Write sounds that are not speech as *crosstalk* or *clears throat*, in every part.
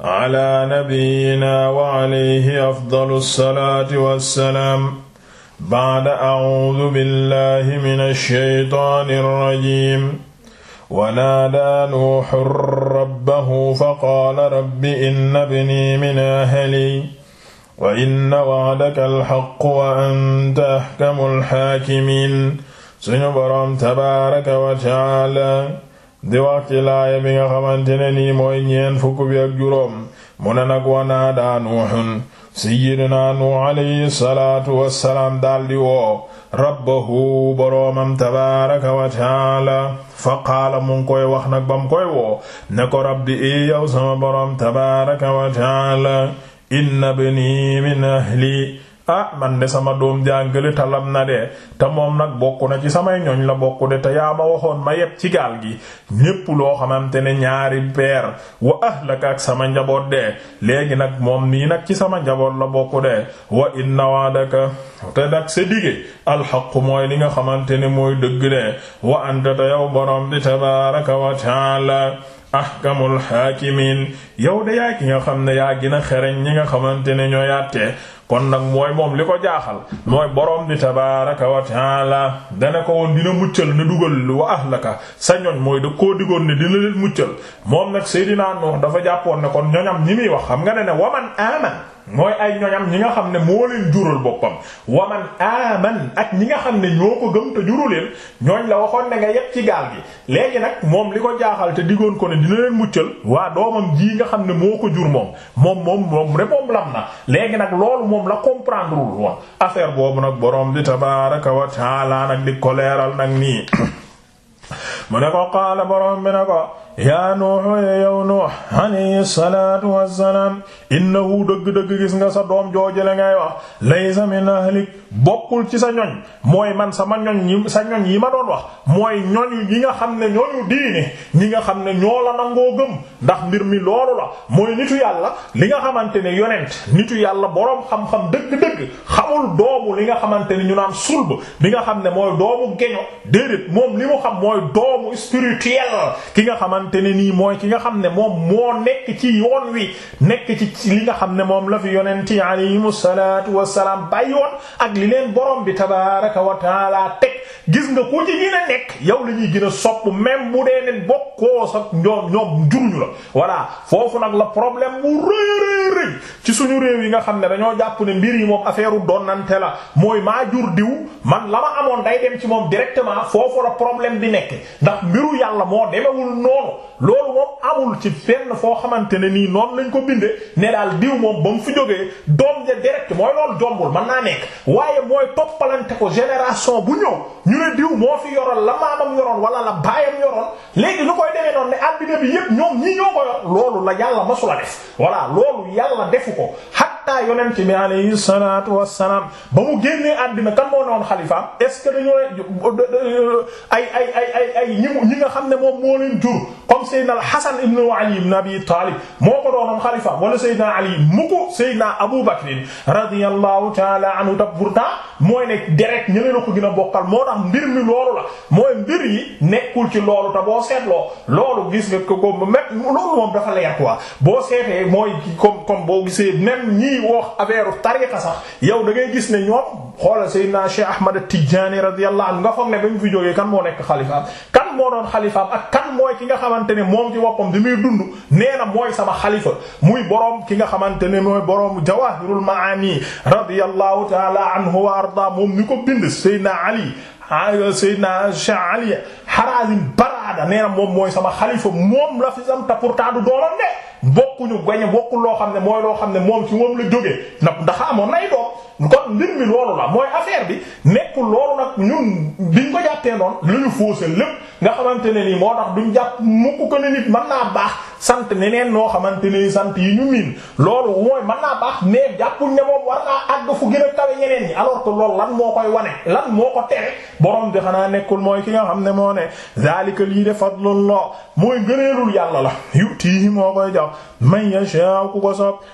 ala nabiyyina wa alayhi afdalu salaati wa salaam ba'da a'uudu billahi mina shaytaani rajiim wa naadaa nuuhun rabbahu faqaala rabbi inna ibnii min ahlii wa inna wa'daka al-haqqu wa anta ahkamul haakimiin suñu boroom tabaaraka wa ta'aala di wax ci laaya bi nga xamante ne nii mooy ñeen fukk bi ak juróom mu ne nag wa naadaa nuuhun sayyidina nuuh alayhi salaatu wassalaam daldi woo rabbahu boroomam tabaaraka wa taala fa qaala mu koy wax nag ba mu koy woo ne ko rabbi i yow sama boroom tabaaraka wa taala inna bni min ahli ah man de sama doom jàngale talab na de te moom nag bokku na ci samay ñoñ la bokku de te yaa ma waxoon ma yeb ci gaal gi ñépp loo xamante ne ñaari peer wa ahlaka ak sama njaboot de léegi nag moom nii nag ci sama njaboot la bokku de wa inna wa'daka te nag sa dige alxaqu mooy li nga xamante ne mooy dëgg de wa anta te yow borom bi tabaaraka wa taala ahkamul haakimiin yow de yaa ki nga xam ne yaa gën xereñ ñi nga xamante ne ñoo yàtte kon nag mooy moom li ko jaaxal mooy borom bi tabaaraka wa taala dana ko woon dina muccal ne dugal wa ahlaka sa ñoñ mooy da koo digoon ne dina leen muccal moom nag Seydina Nuux dafa jàppoon ne kon ñoñam ñi muy wax xam nga ne ne waman aman mooy ay ñoñam ñi nga xam ne moo leen jural boppam waman aman ak ñi nga xam ne ñoo ko gëm te juruleen ñooñ la waxoon ne nga yépp ci gaal gi léegi nag moom li ko jaaxal te diggoon ko ne dina leen muccal waa doomam ji nga xam ne moo ko jur moom moom moom moom rek moom lam na léegi nag loolu moom la comprendre wul woon affaire boobu nag boroom di tabaraka wa taala nag di ko leeral nag nii *coughs* mu ne ko qaala boroom bi ne ko yaa nuuxu ye yow nuux alayhi salaatu wassalaam innahu dëgg-dëgg gis nga sa doom joojale ngay wax laysa min ahlik bokkul ci sa ñoñ mooy man sama ñoñ yi sa ñoñ yi ma doon wax mooy ñoñ yi nga xam ne ñoñu diine ñi nga xam ne ñoo la nangoo gëm ndax mbir mi loolu la mooy nitu yàlla li nga xamante ne yonent nitu yàlla boroom xam-xam dëgg-dëgg xamul doomu li nga xamante ni ñu naan sulb li nga xam ne mooy doomu geño déedéet moom li mu xam mooy doomu spirituel ki nga xamante ne nii mooy ki nga xam ne moom moo nekk ci yoon wi nekk ci li nga xam ne moom la fi yonent yi alayhimu salaatu wassalaam bàyyoon ak li leen borom bi tabaaraka wa taala teg gis nga ku ci gën nekk yow la ñuy gën a sopp même bu dee ne bokkoo sa ñoom ñoom juruñu la voilà foofu nag la problème mu rëy rëy ci suñu réew yi nga xam ne dañoo jàppu ne mbir yi moom affaire doon donnante la mooy maa jur diw man la ma amoon day dem ci moom directement foofu la problème bi nekk ndax mbiru yàlla moo demewul noonu loolu moom amul ci fenn foo xamante ne nii noonu lañ ko bindee ne daal diw moom ba mu fi jógee doom ja direct mooy loolu jombul mën naa nekk waaye mooy toppalante ko génération bu ñëw ñu ne diw moo fi yoroon la maamam yoroon wala la baayam yoroon léegi ñu koy demee noonu ne addina bi yépp ñoom ñi ñoo ko yor loolu la yàlla masu la def voilà loolu yàlla defu ko. xattaa yonent bi alayhi salaatu wassalaam ba mu génnee àddina kan moo noon xalifaam ay ay ay ay nga xam ne moom moo leen jur comme Seydina al-Hasan ibn Ali ibn Abi Talib moo ko doonoon xalifaam wala Seydina Ali mu ko Seydina Abu Bakr radiyallahu ta'ala anhu ta pourtant mooy ne direct ñële la ko gën a bokkal moo tax mbir mi loolu la mooy mbir yi nekkul ci loolu te boo seetloo loolu gis nga ko ko loolu moom dafa leer quoi boo seetee mooy comme comme boo gisee même ñi ñuy wax affaire tariqa sax yow da gis ne ñoom xoolal Seydina Cheikh Ahmad Tidjani radiyallahu anhu nga foog ne ba mu fi jógee kan moo nekk xalifaam kan moo doon xalifaam ak kan mooy ki nga xamante ne moom ci boppam di muy dund nee na mooy sama xalifa muy borom ki nga xamante ne mooy borom Jawahirul Maani radiyallahu ta'ala anhu wa arda moom ni ko bind Seydina Ali Seydina Cheikh Ali Harazim aada nee moom mooy sama xalifa moom la fi sam te pourtant du doomam ne bokkuñu gañe bokkul loo xam ne mooy loo xam ne moom ci moom la jógee ndax amoon nay doom kon mbir mi loolu la mooy affaire bi nekkul loolu nag ñun biñ ko jàppee noonu lu ñu faussé lépp nga xamante ne nii moo tax duñ jàpp mukk ko ne nit naa baax sant neneen noo xamante ne sant yi ñu miin loolu mooy mën naa baax mais jàppul ne moom war naa àgg fu gën a kawe ñeneen ñi alors que loolu lan moo koy wane lan moo ko tere borom bi xanaa nekkul mooy ki nga xam ne moo ne zalika lii de fadlullah mooy gëneelul yàlla la yutihi moo koy jox man yasha ku ko sopp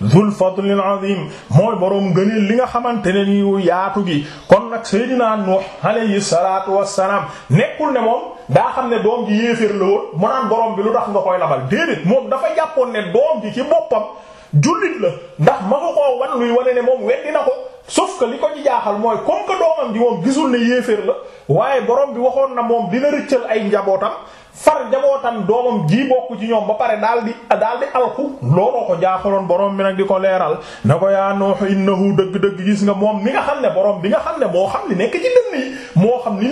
zul fadlil azim mooy boroom gëneel li nga xamante ne nii yaatu gi kon nag Seydina Nuux alayhi salaatu wassalaam nekkul ne moom daa xam ne doom ji yéeféer la woon mu naan boroom bi lu tax nga koy labal déedéet moom dafa jàppoon ne doom ji ci boppam jullit la ndax ma ko koo wan luy wane ne moom weddi ko sauf que li ko ci mooy comme que doomam ji moom gisul ne yéeféer la waaye borom bi waxoon na moom dina rëccal ay njabootam far njabootam doomam ji bokku ci ñoom ba pare daal di daal di alku looloo ko jaaxaloon borom bi nag di ko leeral na ko yaa noox innahu dëgg-dëgg gis nga moom mi xam ne borom bi nga xam ne moo xam nekk moo xam li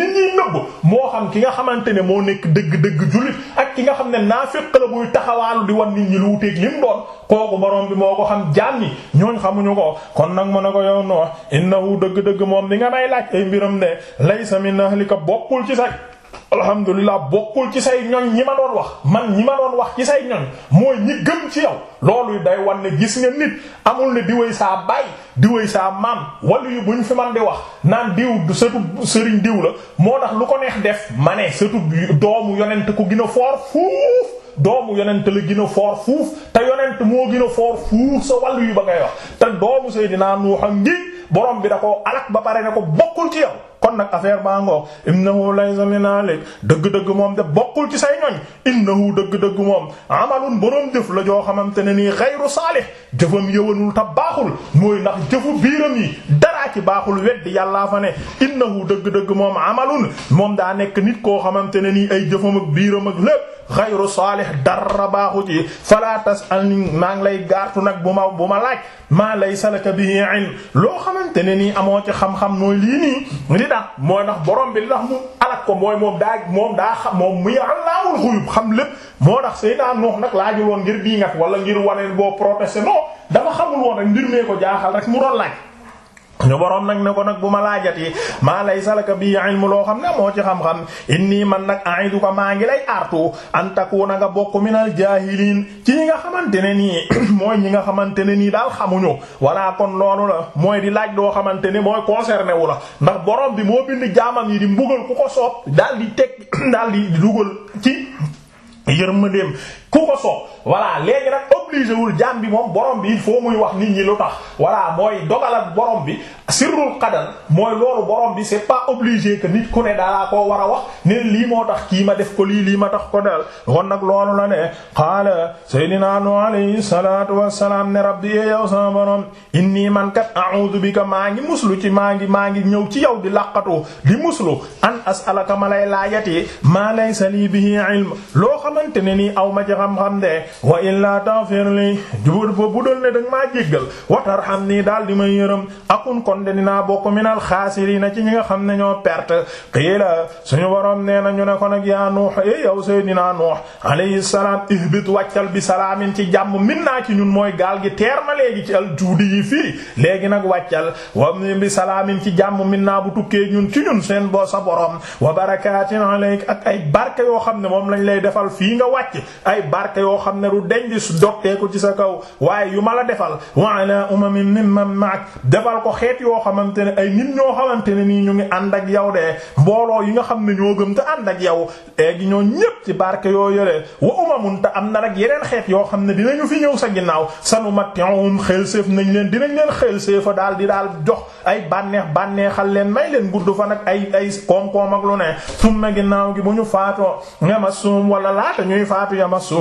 xam ki nga xamante ne moo nekk dëgg-dëgg jullit ak ki nga xam ne naafiq la buy taxawaalu wan nit ñi lu wuteeg lim doon borom bi moo ko xam jaam ñi ñooñ xamuñu ko kon nag mu ne ko yow noox dëgg-dëgg moom li nga may laaj ay mbiram ne laysa min ko bokkul ci sax alhamdulilah bokkul ci say ñoñ ñi ma doon wax man ñi ma doon wax ci say ñoñ mooy ñi gën ci yow loolu day wan ne gis nga nit amul ne diwéy saa baay diwéy saa maam wala yu buñ fi man di wax naan diw sëtu sëriñ diw la moo tax lu ko neex def ma ne sëtu doomu yonent ko gën a foor fuuf doomu yonent la gina a foor fuuf te yonent moo gën a foor fuuf sa wàllu yu ba ngay wax te doomu dinaa Nuux ngi borom bi da ko alak ba bare ne ko bokkul ci yow kon nag affaire baa ngoo innahu laysa min alik dagg dëgg moom de bokkul ci say ñoñ innahu dëgg-dëgg moom amalun boroom jëf la joo xamante ne nii xayru saalih jëfam yëwanul ta baaxul mooy ndax jëfu biiram yi sàcc baaxul weddi yàllaa fa ne innahu dëgg-dëgg moom amalun moom daa nekk nit koo xamante ne nii ay jëfam ak biiram ak lépp xayru saalih dara baaxu ci fala tasalni maa ngi lay gaartu nag bu ma bu ma laaj maa laysa laka bihi ilm loo xamante ne nii amoo ci xam-xam mooy lii nii li tax mooy ndax borom bi li alak ko mooy moom daa moom xam muy allaamul xuyub xam lépp moo tax Seydina Nuux nag laajul woon ngir bii ngat wala ngir waneen boo protesté non dafa xamul ko jaaxal rek ñu boroom nag ne ko nag bu ma laajati maa lay salaka bi ilmu loo xam ne moo ci xam-xam inni man nag a'iduka maa ngi lay artu an takuna nga bokk minal jaahiliin ci ñi nga xamante ne nii *clears throat* mooy ñi nga xamante ne nii daal xamuñu walla kon loolu la mooy di laaj loo xamante ne mooy concerné wu la ndax boroom bi moo bind jaamam yi di mbugal ku ko soob daal di teg *clears throat* daal di dugal ci yërmandeem ku ko soob voilà léegi nag obligé wul jaam bi moom borom bi il faut muy wax nit ñi lu tax voilà mooy dogalal borom bi sirrul qadar mooy loolu borom bi c'est pas obligé que nit ku ne daalaa koo war a wax ne lii moo tax kii ma def ko lii lii ma tax ko dal kon nag loolu la ne qaala seydinaa nu alayhi salaatu wassalaam ne rabbi yow sama borom inni man kat a'udhu bika maa ngi muslu ci maa maa ngi ñëw ci yow di laqatu di muslu an as'alaka ma laajati ma laysa li bihi ilm loo xamante ne ma xam-xam de wa illaa taghfir li jubur ba bu doon ne danga maa jéggal wa tarham nii daal di may yërëm akun kon de dinaa bokk minal xaasiriina ci ñi nga xam ne ñoo perte qiila suñu borom nee na ñu ne ko nag yaa Nuux e yow Seydina Nuux alayhi salaam ihbit wàccal bi salaamin ci jàmm minnaa ci ñun mooy gaal gi teer na léegi ci al juudi yi fii léegi nag wàccal wa bi salaamin ci jàmm minnaa bu tukkee ñun ci ñun seen boo sa borom wa barakaatin alayk ak ay barke yoo xam ne moom lañ lay defal fii nga wàcc ay barke yoo xam ne du deñ di dotteeku ci sa kaw waaye yu ma la defal wa ala umamin ma ma'ak defal ko xeet yoo xamante ne ay nit ñoo xamante ne nii ñu ngi ànd ak yow de mbooloo yi nga xam ne ñoo gëm te ànd ak yow léegi ñoo ñépp ci barke yoo yore wa umamun te am na rek yeneen xeet yoo xam ne dina ñu fi ñëw sa ginnaaw sanu matium xel séef nañ leen dinañ leen xel séefa daal di daal jox ay bànneex bànneexal leen may leen gudd fa nag ay ay koom-koom ak lu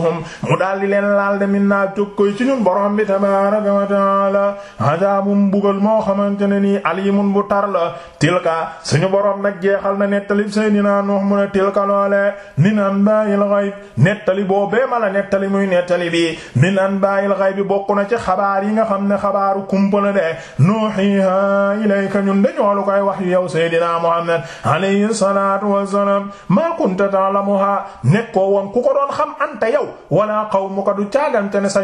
yamasuhum mu daal di leen laal de min naa jóg koy ci ñun borom bi tabaaraka wa taala adaabum bugal moo xamante ne nii alimun bu tar la tilka suñu borom nag jeexal na nettali sayidina Nuh mu ne tilka loole min anbaa'il ghayb nettali boo bee ma la nettali muy nettali bi min anbaa'il ghayb bokk na ci xabaar yi nga xam ne xabaaru kumpa la de nuhiha ilayka ñun dañoo lu koy wax yow sayidina Muhammad alayhi salaatu wa maa kunta ta'lamuha nekkoo ku ko doon xam yow wala qawmuka du caagante ne sa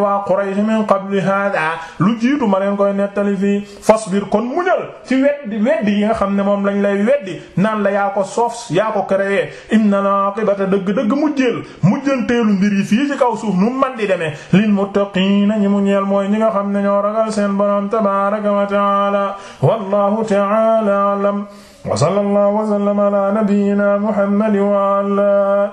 waa Quraysh min qabli hada lu jiitu ma leen koy nettali fii fasbir kon muñal ci weddi weddi yi nga xam ne moom lañ lay weddi naan la yaa ko soof yaa ko créé inna laqibata dëgg-dëgg mujjeel mujjanteelu mbir yi fii ci kaw suuf nu man di demee lil muttaqiina ñi mu ñeel mooy ñi nga xam ne ñoo ragal seen borom tabaaraka wa ta'ala wallahu ta'ala a'lam wa sallallahu wa sallama ala nabiyyina muhammad wa ala